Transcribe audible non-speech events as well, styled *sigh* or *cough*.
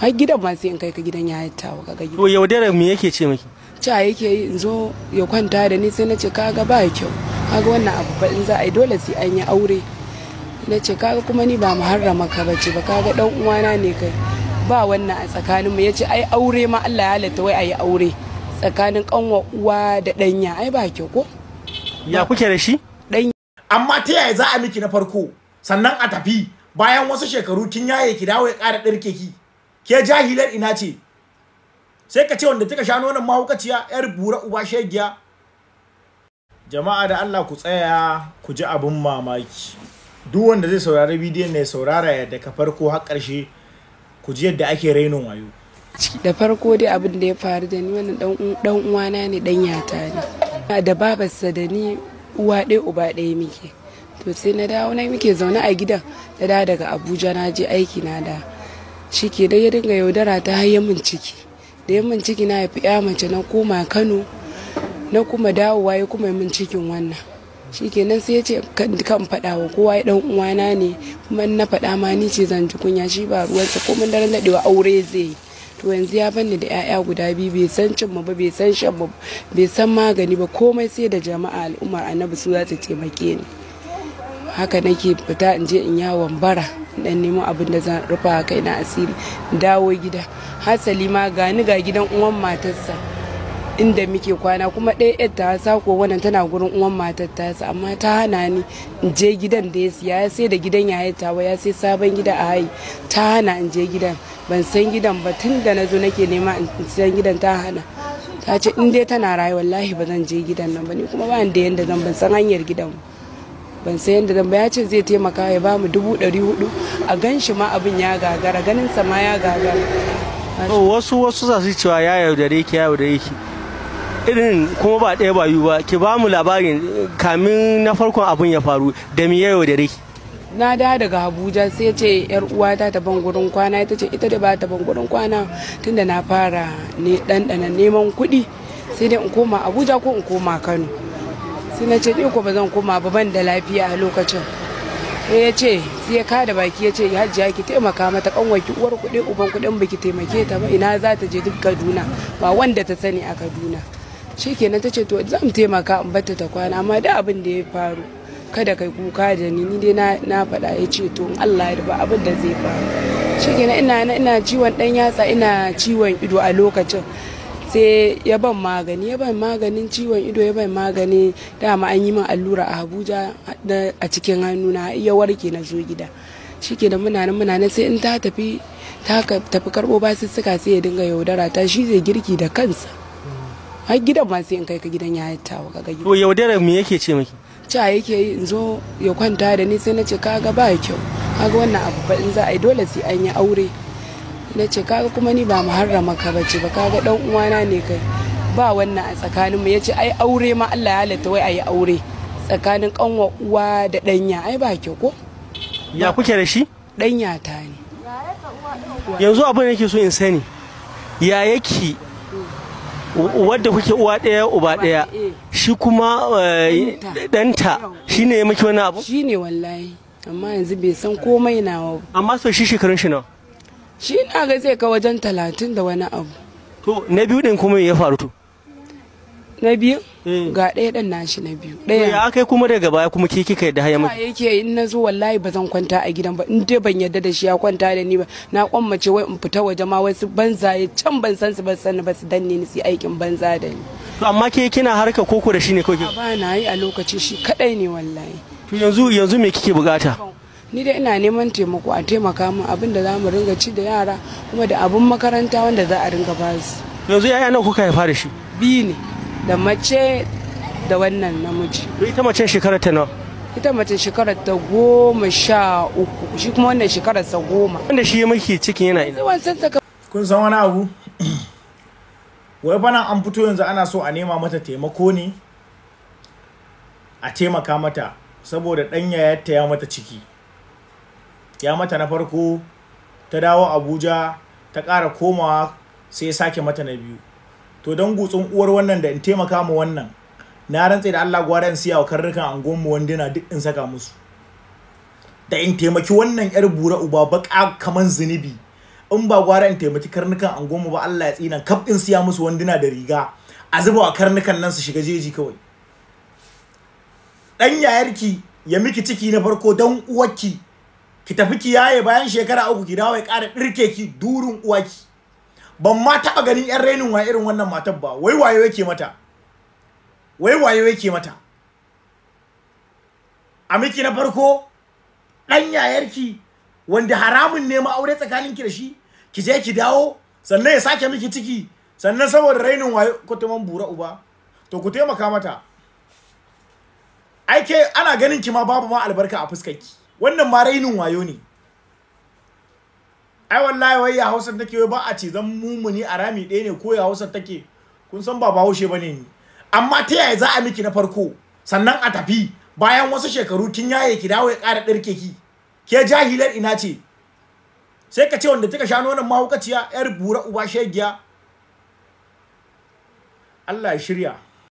har gidan ma sai in kai ka gidan ya yattawa kaga gidan to yaudara me yake ce miki ca yake yi in zo ya kwanta da ni sai na ce kaga ba kyau kaga wannan abu ba in za a yi dole sai an yi aure na ce kaga kuma ni ba harrama ka ce ba kaga dan uwana ne kai ba wannan a tsakanin mu yace ai aure ma Allah ya halatta wai ayi aure tsakanin kanwa uwa da danya ai ba kyau ko ya kuke da shi dan amma ta yaya za a miki na farko sannan a tafi bayan wasu shekaru kin yaye ki dawo ya ƙara ɗirke ki ke jahilar ina ce sai ka ce wanda kika sha nonon mahaukaciya yar bura uba shegiya jama'a da Allah ku tsaya ku ji abin mamaki duk wanda zai saurari bidiyon ne saurara yadda ka farko har ƙarshe ku ji yadda ake rainon wayo da farko dai abin da ya faru da ni wannan dan uwana ne dan yata ne da babarsa da ni uwa ɗaya uba ɗaya muke to sai na dawo na muke zaune a gidan da da daga abuja na je aiki na da shi ke dai ya dinga yaudara ta hayyamin ciki da yamin ciki na haifi ya mace na koma kano na kuma dawowa ya kuma min cikin wannan shikenan sai ya ce kan faɗa wa kowa ya dan uwana ne kuma na faɗa ma ni ce zan kunya shi ba ruwansa ko mun daren daɗewa aure zai yi to yanzu ya banni da 'ya'ya guda biyu bai san cin ba bai san shan ba bai san magani ba komai sai da jama'a al'umma annabi su za su taimake ni haka nake fita in je in yawon bara dan nemo abin da zan rufa kai na asiri dawo gida hasali ma gani ga gidan uwan matarsa inda muke kwana kuma ɗaya yar ta sako wannan tana gurin uwan matar tasa amma ta hana ni in je gidan da ya siya sai da gidan ya yi tawa ya sai sabon gida a hayi ta hana in je gidan ban san gidan ba tun da na zo nake nema in san gidan ta hana ta ce in dai tana rayuwa. Lahi ba zan je gidan nan ba ne kuma ba da yanda zan ban san hanyar gidan ba ban san yadda zan ya ce zai taimaka ya ba mu dubu ɗari hudu a gan shi ma abin ya gagara ganin sa ma ya gagara wasu wasu za su cewa ya yaudare ki ya yaudare ki irin kuma ba ɗaya ba yiwu ba ki ba mu labarin eh, kamin na farkon abin ya faru da mi ya yaudare ki na da daga abuja sai ce yar uwata ta ban gurin kwana ita ce ita da ba ta ban gurin kwana tunda na fara ne ɗanɗana neman kuɗi sai dai in koma abuja ko in koma kano sai na ce ko ba zan koma ba ban da lafiya a lokacin ya ce sai ya kada baki ya ce hajjiya ki taimaka mata kanwarki uwar kuɗi uban kuɗin baki taimake ta ba ina za ta je duk kaduna ba wanda ta sani a kaduna shikenan ta ce to zan taimaka in bata ta kwana amma da abin da ya faru kada kai kuka da ni ni dai na faɗa ya ce to Allah ya ba abin da zai faru shikenan na ina ciwon ɗan yatsa ina ciwon ido a lokacin sai ya ban magani ya ban maganin ciwon ido ya ban magani dama an yi min allura a abuja a cikin hannu na iya warke na zo gida ke da munanan nan sai in ta tafi ta tafi karbo suka sai ya dinga yaudara ta shi zai girki da kansa har gidan ma sai in kai ka gidan ya wa kaga gidan to yaudara me yake ce miki cha yake yi in zo ya kwanta da ni sai na ce kaga ba kyau kaga wannan abu ba in za a yi dole sai an yi aure na ce kaga kuma ni ba mu harrama ka bace ba kaga dan uwana ne kai ba wannan a tsakaninmu ya ce ai aure ma Allah ya halatta wai ayi aure tsakanin kanwa uwa da danya ai ba ke ko ya kuke da shi danya ta ne yanzu abin yake so in sani ya yake wadda kuke uwa ɗaya uba ɗaya shi kuma eh, ɗanta shi ne ya maki wani abu shi ne wallahi amma yanzu bai san komai nawa amma so shi shekarun shi nawa shi na ga zai ka wajen talatin da wani abu to na biyu din kuma ya faru to na biyu eh. ga ɗaya ɗan nashi na biyu ɗaya ya kai kuma daga baya kuma ke kika yadda haya mai yake in na zo wallahi ba zan kwanta a gidan ba in dai ban yadda da shi ya kwanta da ni ba na kwammace wai in fita waje ma wasu banzaye can ban san su ba san ba su danne ni su aikin banza da ni to amma ke kina harka koko da shi ne kawai ba na yi a lokacin shi kadai ne wallahi to yanzu yanzu me kike bukata ni dai ina neman taimako a taimaka min abin da za mu ringa ci da yara kuma da abin makaranta wanda za a ringa ba su yanzu yaya nawa kuka haifa da shi biyu ne da mace da wannan namiji ita mace shekarar ta nawa ita mace shekarar ta goma sha uku shi kuma wannan shekarar sa goma wanda shi maki cikin yana ina kun san wani abu *clears throat* wai bana an fito yanzu ana so a nema mata taimako ne a taimaka mata saboda ɗan yayarta ya mata ciki ya mata na farko ta dawo abuja ta ƙara komawa sai ya sake mata na biyu to don gutsun uwar wannan da in taimaka mu wannan na rantse da allah gwara in siya wa karnukan angonmu wanduna duk in saka musu da in taimaki wannan yar bura uba baka kaman zunubi in ba gwara in taimaki karnukan angonmu ba allah ya tsina kaf in siya musu wanduna da riga a zuba wa karnukan nan su shiga jeji kawai ɗan yayarki ya miki ciki na farko don uwarki ki tafi ki yaye bayan shekara uku ki dawo ya ƙara ɗirke ki durin uwaki ban ma taɓa ganin yan rainin wa irin wannan matar ba wai waye yake mata wai waye yake mata a miki na farko ɗan yayarki wanda haramun ne ma aure tsakanin ki da shi ki je ki dawo sannan ya sake miki ciki sannan saboda rainin waye ko ta man bura uba to ku taimaka mata aike ana ganin ki ma babu ma albarka a ki. wannan ma rainin wayo ne ai wallahi wai ya hausar take wai ba a ce zan mumuni a rami ɗaya ne ko ya hausar take kun san ba haushe bane ni amma ta yaya za a miki na farko sannan a tafi bayan wasu shekaru kin yaye ki dawo ya ƙara ɗirke ki ke jahilar ina ce sai ka ce wanda kika sha nonon mahaukaciya yar bura uba shegiya Allah ya shirya